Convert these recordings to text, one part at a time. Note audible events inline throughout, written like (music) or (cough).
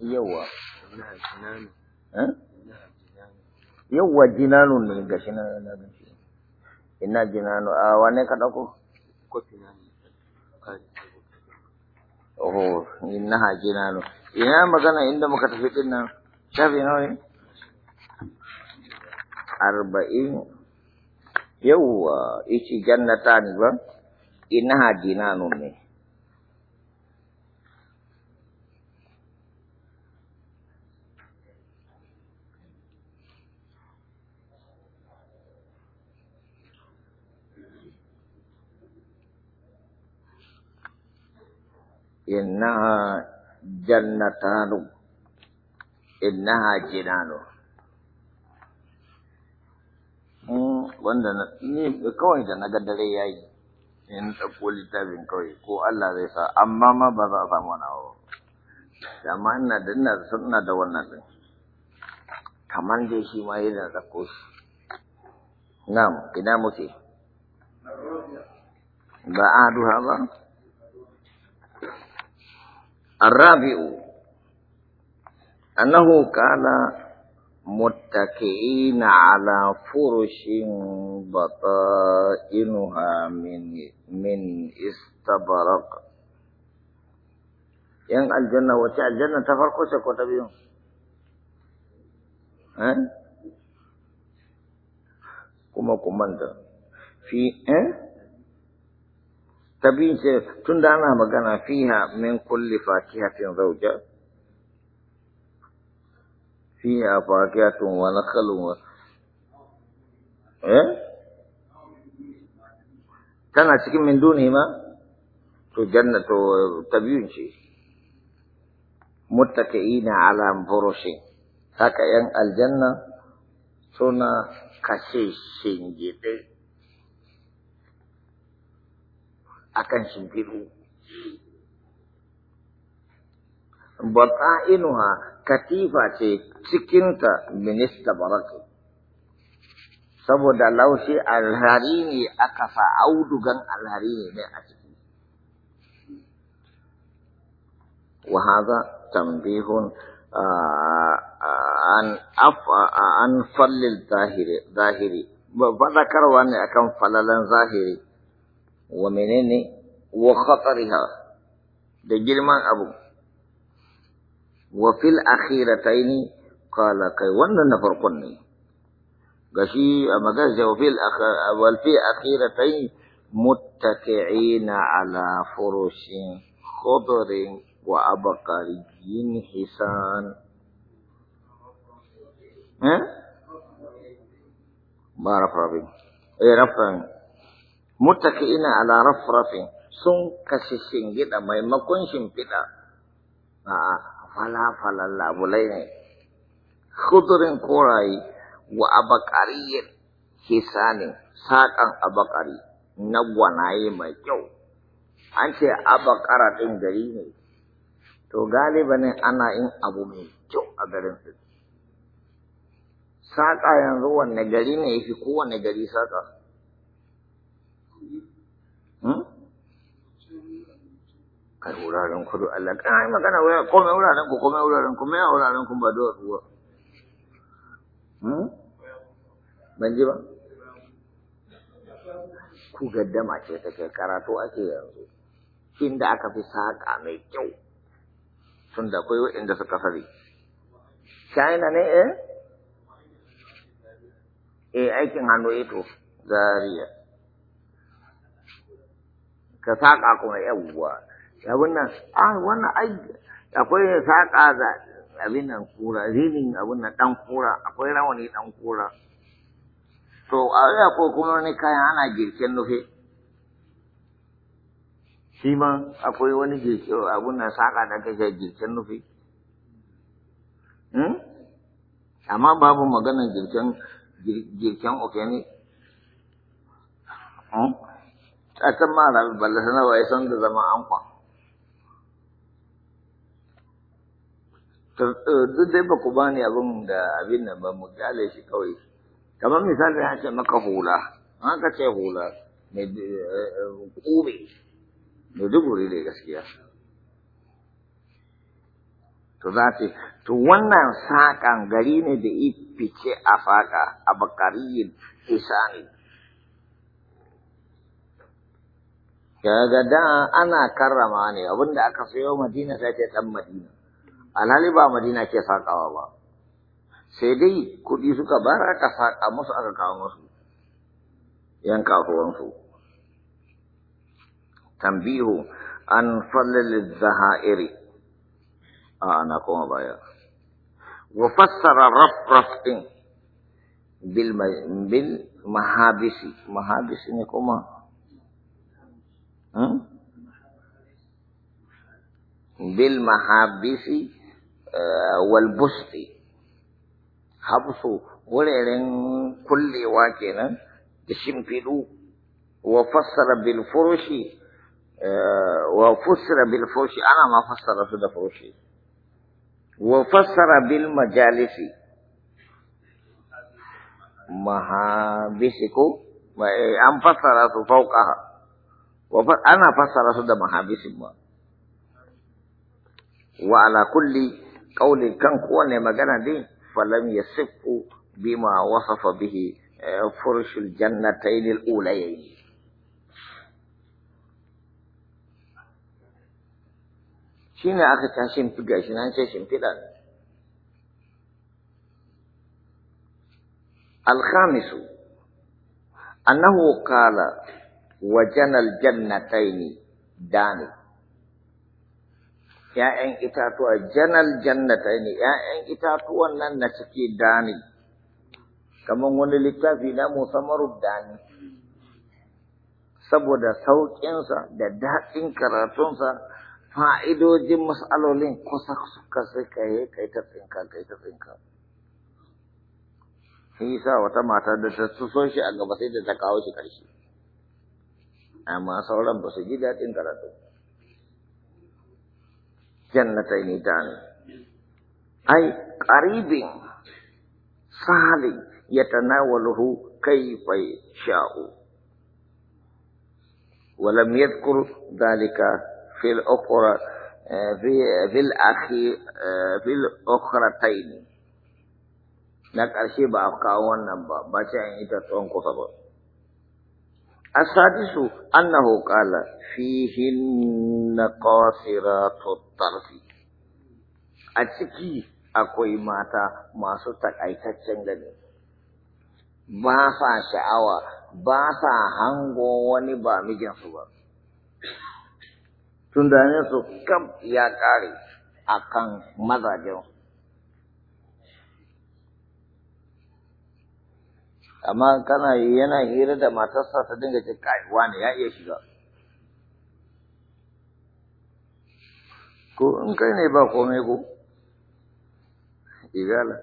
yawa eh? yawa jinanu ne ga shi na na gashi ina jinanu a wane ka dauko oh ha jinanu ina magana inda muka tafi din nan shafi nawa arba'in ichi jannata ne ba ina ha jinanu ne إنها جنتان إنها جنان wanda ni kawai da na ga yayi in ɗauko littafin kawai ko Allah zai sa amma ma ba za a samu wani da ina da suna wannan kamar dai shi ma yana shi ina muke ba a duha ba الرابع أنه قال متكئين على فرش بطائنها من من استبرق aljanna aljanna ko kuma fi eh تبين تندانا مغانا فيها من كل فاكهة زوجة فيها فاكهة ونخل و... إيه؟ تانا سكين من دونهما تو جنة تبين شيء متكئين على فرش هكا ين الجنة سنة كشيش شنجي akan shimfiɗu inuwa katifa ce cikinta minista baraka saboda laushi alhari ne aka sa audugan alhari ne a ciki Wahaza tambihun an an fallil zahiri zahiri ba zakarwa ne akan falalan zahiri wa menene wa khatariha da girman abu wa fil akhirataini qala kai wannan na farkon ne gashi a magana da fil wal fi akhiratain muttaki'ina ala furushin khudrin wa abqariyyin hisan eh ما رفع به اي رفع muttaki'ina ala rafrafin sun kashe shingida maimakon shimfiɗa a falafalan labulai ne kudurin koraye wa abakariyar hisanin saƙan abakari na gwanaye mai kyau an ce abakara ɗin gari ne to galibanin ana yin abu mai kyau a garin su saƙa yanzu wanne gari ne ya fi kowane gari saƙa kai wuraren ku Allah kan yi magana waya komai wuraren ku komai wuraren ku mai wuraren ku ba dole hmm ban ji ba ku gaddama ce kai karatu ake yanzu inda aka fi saƙa mai kyau tun da akwai waɗanda suka fari china ne eh eh aikin hannu ito eh zariya ka saƙa kuma yawwa abin nan a ah, wannan ai akwai saƙa da abin nan kura zinin abin nan ɗan kura akwai rawani ɗan kura to a yau akwai kuma wani kayan ana girken nufe shi ma akwai wani girke abin nan saƙa da kake girken nufe hmm? amma babu maganar girken girken oke ne hmm? a can ma rabi balle sanawa ya san da zama an kwan duk dai ba ku bani abin da abin nan ba mu kyale shi kawai kamar misali ya ce maka hula haka ce hula mai kube eh, eh, mai duguri ne gaskiya to za ce to wannan saƙan gari ne da ifice a faƙa a bakariyin isani daga da ana karrama ne abinda aka sayo madina sai ta ɗan madina alhali ba madina ke sakawa ba sai dai kuɗi suka bara ka saka musu aka kawo musu yan kasuwansu tambihu an fallil zahairi a ana kuma baya wa fassara rafraf din bil bil mahabisi mahabisi ne kuma hmm? bil mahabisi والبسطي حبسو غلرين كل واكنا تشمفلو وفسر بالفرش آه، وفسر بالفرش أنا ما فصل سد فرشي وفصل بالمجالس محابسكو أم فصل فوقها أنا فصل سد محابس وعلى كل قولي كان كون مجانا دي فلم يصف بما وصف به آه، فرش الجنتين الأوليين شين أخي تهشم فقا شين شين شمفلا الخامس أنه قال وجنى الجنتين داني ‘ya'yan itatuwa janar jannata ne, ‘ya'yan itatuwan nan na cike dani, kamar wani littafi na musamman dani. Saboda sauƙinsa da daɗin karatunsa, fa'idojin mas'alolin kusa suka suka yi kai ta tsinka, kai ta tsinka. Shi sa wata mata da ta so shi a gaba sai da ta kawo shi karshe. Amma sauran ba su ji daɗin karatu. جنتين داني أي قريب سهل يتناوله كيف يشاء ولم يذكر ذلك في الأخرى في في الأخي في الأخرتين لك أشيب أبقى ونبا بشأن إذا تنقص السادس أنه قال فيهن قاصرات الطرف أتكي أكوي ماتا ما ستك أي تتشنجني ba sa sha'awa ba sa hango wani ba mijinsu ba tun da su kam ya ƙare akan mazajensu amma kana yana hira da matarsa ta dinga ce kai wani ya iya shiga ko in kai ne ba komai ko igala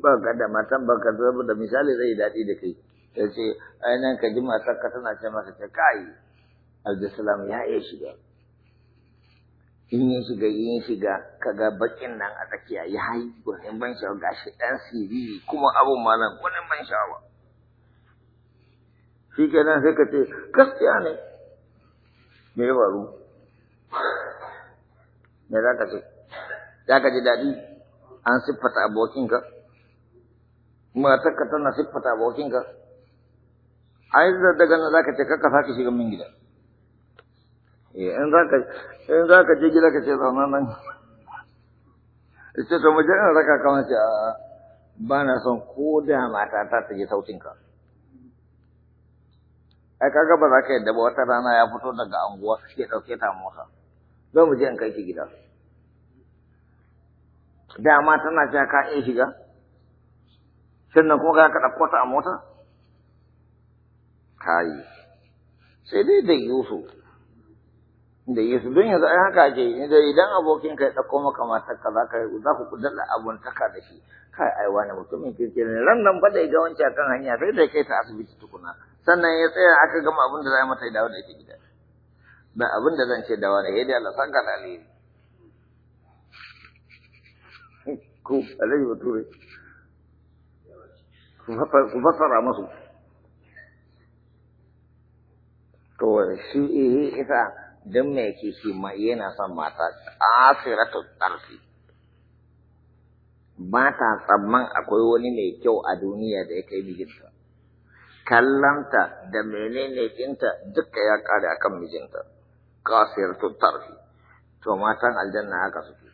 ba ka da matan ba ka zaba da misali zai daɗi da kai ta ce ainihin ka ji matarka tana ce masa ta kai abdulsalam ya iya shiga in yi shiga in shiga kaga bakin nan a tsakiya ya hayi gwanin ban sha'awa shi ɗan siriri kuma abun ma nan gwanin ban sha'awa shi nan sai ka ce gaskiya ne me ya faru me za ka ce za ka ji daɗi an siffata abokinka matarka tana siffata abokinka ai daga nan za ka ce kakka sake shiga min gida Eh, in za ka je gida ka ce zaunan nan ce to mu raka kawai ce ba na son ko da mata ta ta ji sautinka a kaga ba za ka yadda ba wata rana ya fito daga anguwa ke ɗauke ta mota zo mu je in kai ki gida dama tana cewa ka iya shiga sannan kuma ka ɗauko ta a mota kai sai dai da yusu da Yesu don yanzu ai haka ake yi idan abokin ka ya ɗauko maka matar ka za ka za ku kudalla abun taka da shi kai ai wani mutumin kirki ne ran nan ba da ga wancan kan hanya sai da kai ta asibiti tukuna sannan ya tsaya aka gama abun da za a mata dawo da ita gida ba abin da zan ce da wani yadda Allah saka da alheri (laughs) ku alai bature ku fasara masu to shi eh, eh, isa don mai kishi ma yana son mata tsafiratu tsarfi ba ta tsamman akwai wani mai kyau a duniya da ya kai mijinta kallanta da menene ɗinta duka ya ƙare kan mijinta kasiratu tarfi to matan aljanna haka suke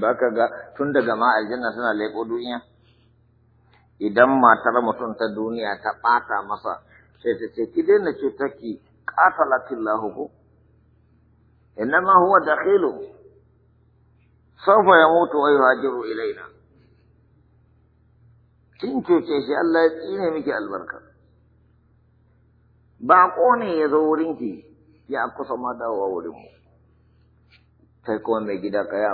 baka ga tun daga ma aljanna suna leƙo duniya idan matar mutum ta duniya ta ɓata masa sai ta ce ki daina cutarki ƙatalatillahu ko إنما هو دخيل سوف يموت ويهاجر إلينا kin cuce shi Allah مكي البركة miki albarka baƙo ne ya zo wurinki ya kusa ma gida ka yi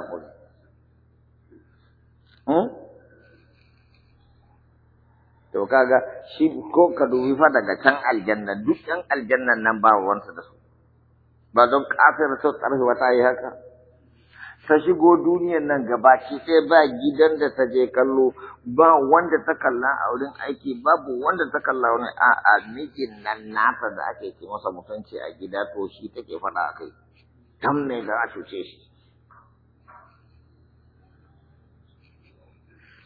to kaga shi ko ka dubi fa daga can aljanna duk yan aljanna nan ba wansa da su ba don kafin sau tsarfi ta yi haka ta shigo duniyar nan gabaci sai ba gidan da ta je kallo ba wanda ta kalla a wurin aiki babu wanda ta kalla wani a a mijin nan nata da ake ke masa mutunci a gida to shi take faɗa a kai Tam ne da a cuce shi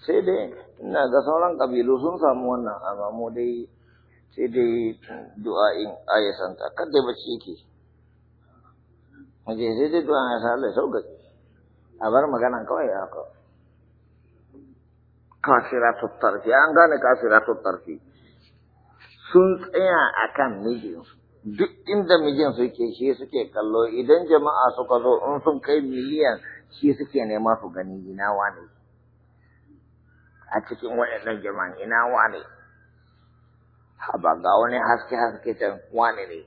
sai dai ina ga sauran kabilu sun samu wannan amma mu dai sai dai in ayyasanta kada ba shi yake Hanje sai dai tuwa na Allah ya sauƙaƙe. Eh, a bar maganan kawai ya haka. Kasiratu tarfi, an gane kasiratu tarfi. Sun tsaya a kan mijinsu. Duk inda mijinsu ke shi suke kallo idan jama'a suka zo in sun kai miliyan shi suke nema su gani ina wane. A cikin waɗannan jama'a ina wane. Haba ga wani haske haske can wane ne.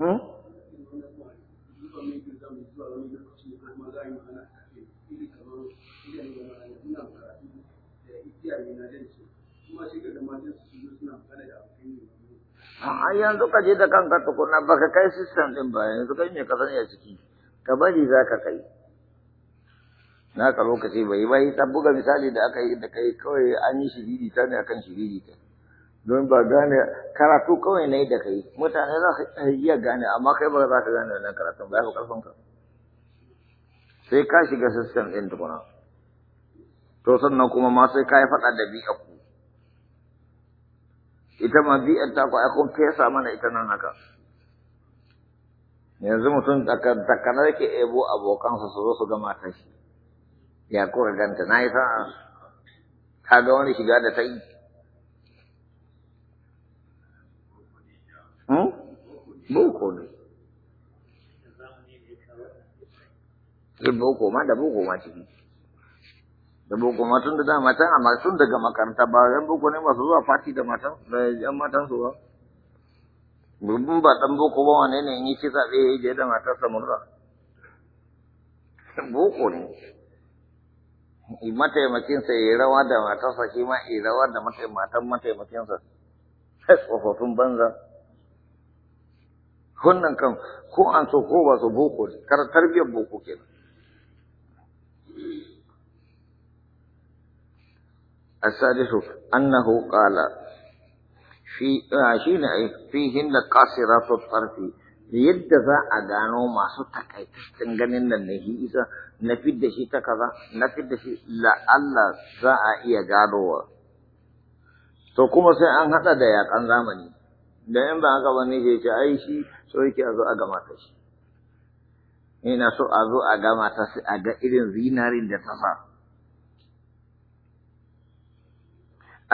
a yanzu ka je da kanka tukuna baka kai system din ba yanzu kai me ka sani a ciki ka bari za ka kai na ka lokaci bai bai ta buga misali da aka yi da kai kawai an yi shiriri ta ne akan shiriri ta don ba gane karatu kawai na yi da kai mutane za su iya gane amma kai ba za ka gane wannan karatu ba ya fi karfin ka sai ka shiga sistem ɗin tukuna to sannan kuma ma sai ka yi faɗa da bi'a ku ita ma bi'ar ta ku ai kun fesa mana ita nan haka yanzu mutum takanar ke ebo abokansa su zo su gama ta shi ya kuka ganta na yi sa'a ta ga wani shiga da ta yi komai Kin boko ma da boko ma ciki. Da koma tun da dama can amma tun daga makaranta ba ne masu zuwa fati da matan da yan matan su ba. Burbun ba dan boko ba wane ne yi kisa zaɓe ya je da matarsa murra. Boko ne. Mataimakinsa ya yi rawa da matarsa shi ma ya yi rawa da matan mataimakinsa. Tsofaffin banza. wannan kan ko an so ko ba su boko ne kar tarbiyyar boko kenan السادس أنه قال في fi فيهن قاصرات الطرف yadda za a gano masu takaitaccen ganin nan na isa na fidda shi ta kaza na fidda shi la'alla za a iya wa. to kuma sai an haɗa da yaƙan zamani da in ba haka wani ke ce ai shi so yake a zo a gama ta shi ina so a zo a gama ta shi a ga irin zinarin da ta sa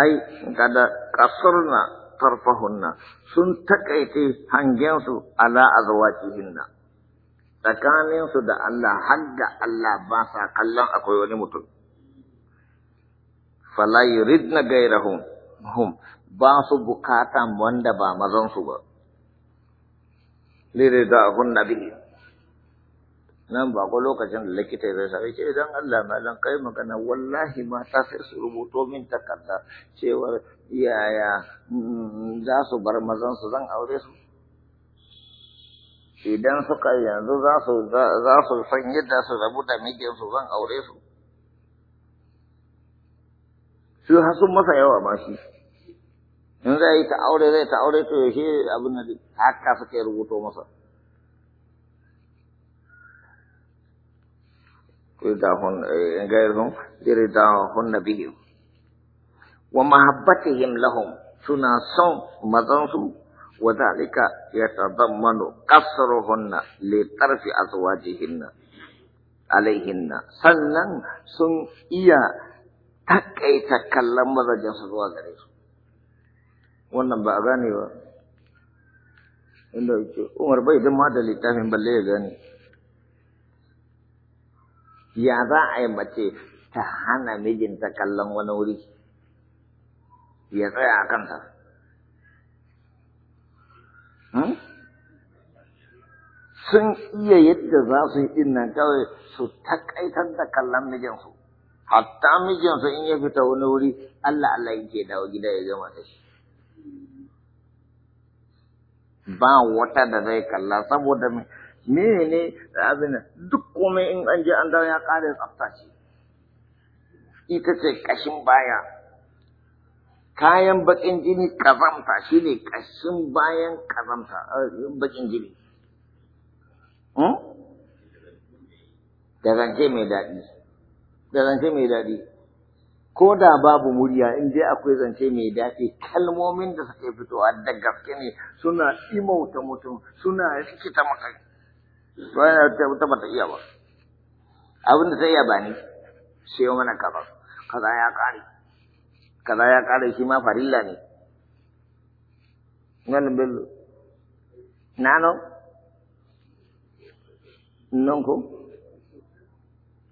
ai kada kasurna tarfahunna sun takaice hangensu ala azwajihinna su da Allah har da Allah ba sa kallon akwai wani mutum fala yuridna gairahum hum ba su bukatan wanda ba mazan su ba lire da abun nabi nan ba ko lokacin da likita zai sami ce idan Allah malan kai magana wallahi mata sai su rubuto min takarda cewar yaya mm, za su bar mazan su, zan aure su idan suka yanzu za su san yadda su rabu da mijinsu zan aure su su hasu masa yawa ma shi هذا يتعود هذا يتعود شيء أبو النبي هكذا فكر وتو مصر كل دافون غيرهم يري دافون نبيهم ومحبتهم لهم سناسهم مدنهم وذلك يتضمن قصرهن لطرف أزواجهن عليهن سنن سن إيا تكي تكلم مدنسوا ذريهم wannan ba a gane ba inda ke umar bai da ma da littafin balle ya gane ya za a yi mace ta hana mijinta kallon wani wuri ya tsaya a kanta hmm? sun iya yadda za su yi kawai su taƙaitar da kallon mijinsu hatta mijinsu in ya fita wani wuri Allah Allah yake dawo gida ya gama da shi Hmm. ba wata da zai kalla saboda mene ne abin duk komai in an je an dawo ya kare tsafta ce ita ce kashin baya kayan bakin jini kazamta shi ne kashin bayan ƙazamta eh, bakin jini hmm? da mai daɗi da zance mai daɗi ko da babu murya in dai akwai zance mai daɗi kalmomin da suke fitowa da gaske ne suna imauta mutum suna rikita maka wani ta ta iya ba abin da ta iya ba ne sai mana kaza kaza ya kare. kaza ya kare shi ma farilla ne nan bello nano nan ko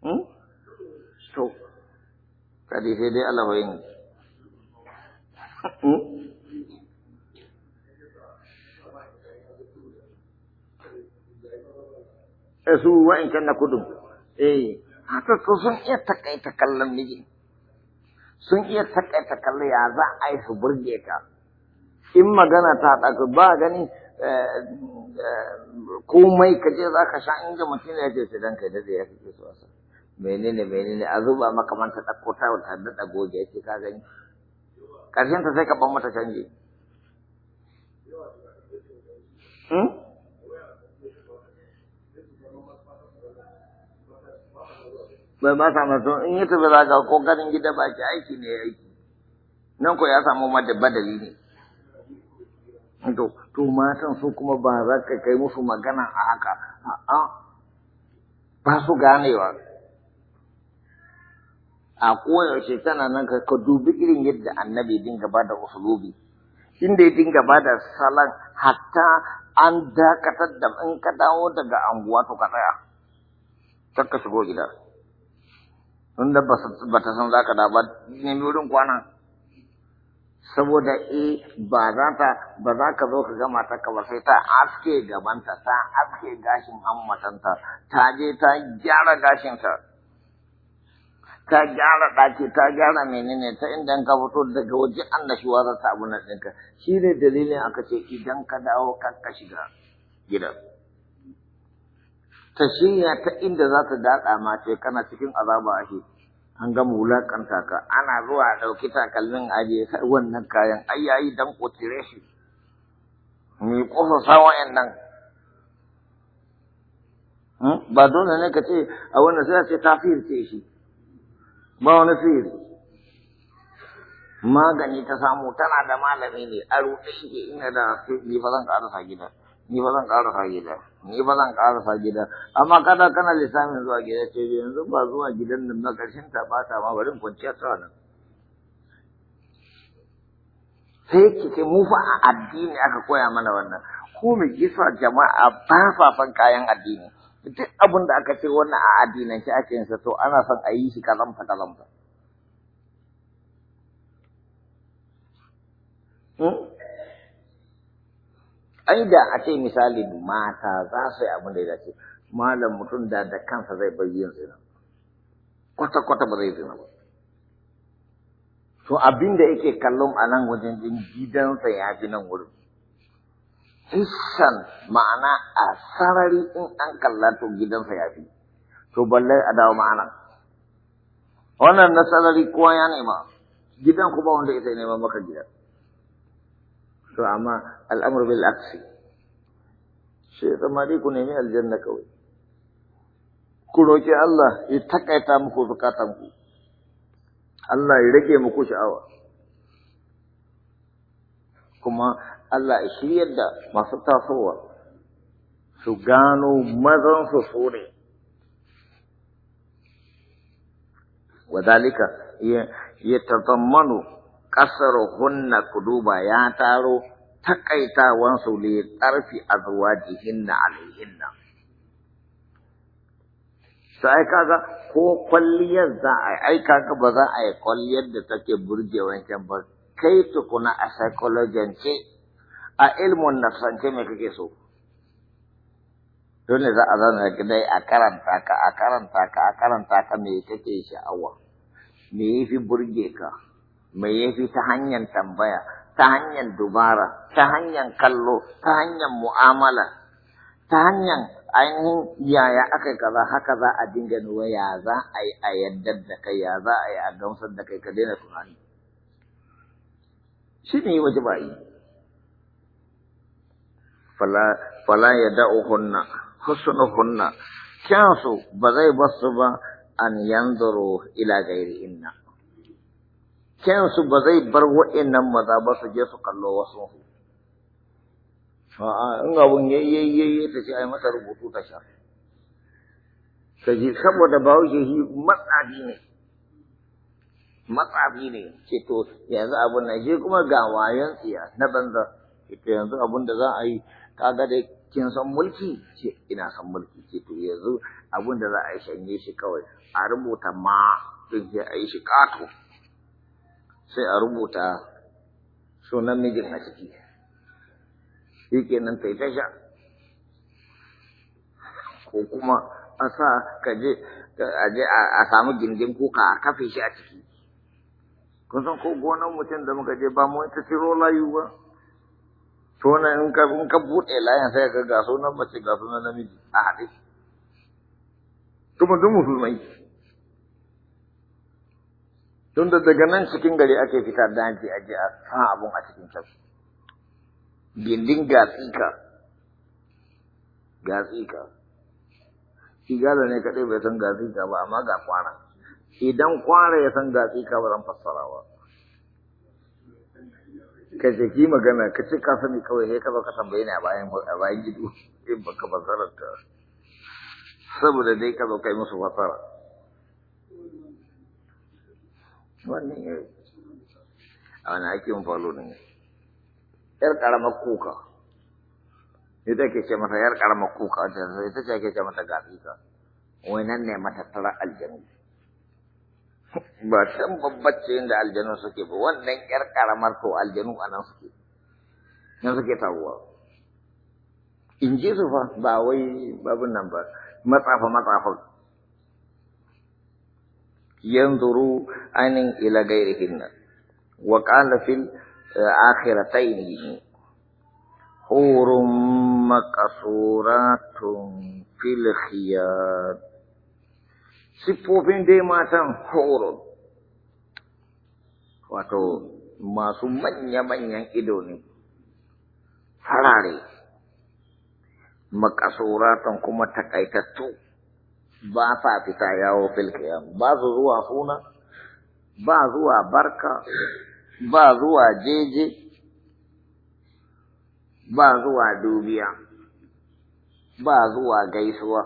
hmm? to kadi Allah dai alawayin Esu wa kan na kudum. Hmm? eh haka su sun iya takaita kallon miji sun iya takaita kallon ya za a yi su burge ka in magana ta ɗaga ba gani komai ka je za ka sha inda mutum ya ce sai dan kai da ya kake so menene menene a zuba maka manta ta ɗauko ta wata da goge ya ce ka gani karshen ta sai ka ban mata canji hmm? bai ba sa mutum in yi tafi zaga ko ganin gida ba ki aiki ne ya aiki nan ko ya samu badali ne to to matan su kuma ba za ka kai musu magana a haka a'a ba su ganewa a koyaushe tana nan ka dubi irin yadda annabi dinga ba da usulubi inda ya dinga ba da salon hatta an dakatar da in ka dawo daga anguwa to ka tsaya kar ka shigo gida Inda ba ta san za ka da ba nemi wurin kwana saboda e ba za ta ba za ka zo ka gama ta ba sai ta aske gabanta ta aske gashin hammatanta ta je ta gyara gashinta ta gyara ɗaki ta gyara menene ta inda ka fito daga waje an da shuwa za ta abu na ɗinka shi ne dalilin aka ce idan ka dawo kan shiga gidan ta shirya ta inda za ta daɗa ma ce kana cikin azaba ake an gama wulaƙanta ka ana zuwa a ɗauki takalmin ajiye kai wannan kayan ai yayi dan ƙotire shi mai nan hmm? ba dole ne ka ce a wannan sai ta firce shi ma wani sihiri magani ta samu tana da malami ne a rute yake ina da ni ba zan karasa gida ni ba zan karasa gida ni ba zan karasa gida amma kada kana lissafin zuwa gida ce yanzu ba zuwa gidan nan na ƙarshen ta bata ma bari kwanci ta nan sai kike mu fa a addini aka koya mana wannan ko mu gisa jama'a ba fafan kayan addini duk abin da aka ce wannan a addinance ake yin sa to ana son a yi shi kalamfa kalamfa hmm? ai da a ce misali mata za su yi abin da ya dace malam mutum da da kansa zai bar yin zina kwata kwata ba zai zina ba to abin da yake kallon a nan wajen gidansa ya fi nan wurin hissan ma'ana a sarari in an kalla to gidansa ya fi to balle a dawo ma'ana wannan na sarari kowa ya nema gidan kuma wanda ita nema maka gidan to amma al'amur bil aksi shi ya tsammari ku nemi aljanna kawai ku roƙi Allah ya takaita muku ku Allah ya rage muku sha'awa kuma Allah ya shiryar da masu tasowa su gano mazansu su ne. wadalika ya tazammanu hunna kuduba ya taro a li tarfi azwajihinna Su sai kaga ko kwalliyar za a ai kaga ba za a yi kwalliyar da take burge wancan ba kai tukuna a psychologian ce a ilmun nafsance me kake so dole za a zana dai a karanta ka a karanta ka a karanta ka me kake sha'awa me fi burge ka me fi ta hanyar tambaya ta hanyar dubara ta hanyar kallo ta hanyar mu'amala ta hanyar ainihin yaya aka kaza haka za a dinga nuwa ya za a yi a yaddar da kai ya za a yi a gamsar da kai ka daina tunani shi ne waje ba yi fala fala ya da'uhunna husnuhunna kyansu ba zai basu ba an yanzuru ila gairi inna kyansu ba zai bar wa'annan maza ba su je su kallo wasu a'a in ga yayi yayi ta ce ai mata rubutu ta sha kaji saboda bahaushe shi matsafi ne matsafi ne ce to yanzu abun nan shi kuma ga wayan tsiya na banza ita yanzu abun da za a yi kaga dai kin san mulki ce ina san mulki ce to yanzu abin da za a yi shanye shi kawai a rubuta ma din sai a yi shi kato sai a rubuta sunan mijin a ciki shi kenan ta yi tasha ko kuma a sa ka a samu gindin kuka a kafe shi a ciki kun san ko gonan mutum da muka je ba mu ta ciro layu sunan in ka in ka bude layin sai ka ga sunan mace ga sunan namiji a haɗe kuma duk musulmai tun da daga nan cikin gari ake fita daji a je a san abun a cikin kyau gindin ga tsika shi gado ne kaɗai bai san ga ba amma ga kwana idan kwara ya san ga ba zan ba. ka ki magana ka ce ka sani kawai sai ka zo ka tambaye ni a bayan a bayan gido in baka fasararta saboda dai ka zo kai musu fasara wannan yi a wani ake mun falo ne yar karamar kuka ita ke ce mata yar karamar kuka ita ce ake ce mata gafi ka wai nan ne tara aljanu ba shan babbace da aljanu suke ba wannan yar karamar ko aljanu a nan suke nan suke taruwa in ji su fa ba wai babun nan ba matsafa matsafa yanzuru ainin ila gairi hinna wa qala fil eh, akhiratain hurum maqsuratun fil khiyat siffofin dai matan horon wato masu manya-manyan ido ne farare Makasoratan kuma takaitattu ba sa fita yawo filkiyan ba su zuwa suna ba zuwa barka ba zuwa jeje ba zuwa dubiya ba zuwa gaisuwa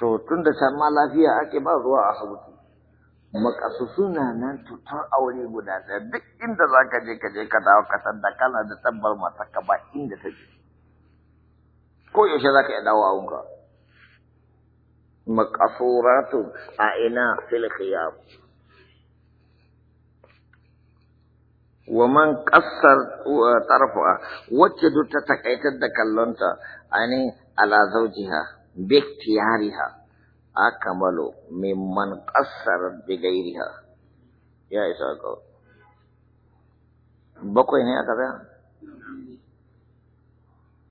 so tun da can lafiya ake ba zuwa asibiti makasu suna nan tutar aure guda ɗaya duk inda za ka je ka je ka dawo ka san da kana da tabbar matarka ba inda ta je ko yaushe za ka iya dawo wunka makasuratu a ina fil khiyam wa man kasar tarfa wacce duk ta takaitar da kallonta ani ala zaujiha باختيارها أكمل ممن قصر بغيرها يا إساقو بقوا هنا كذا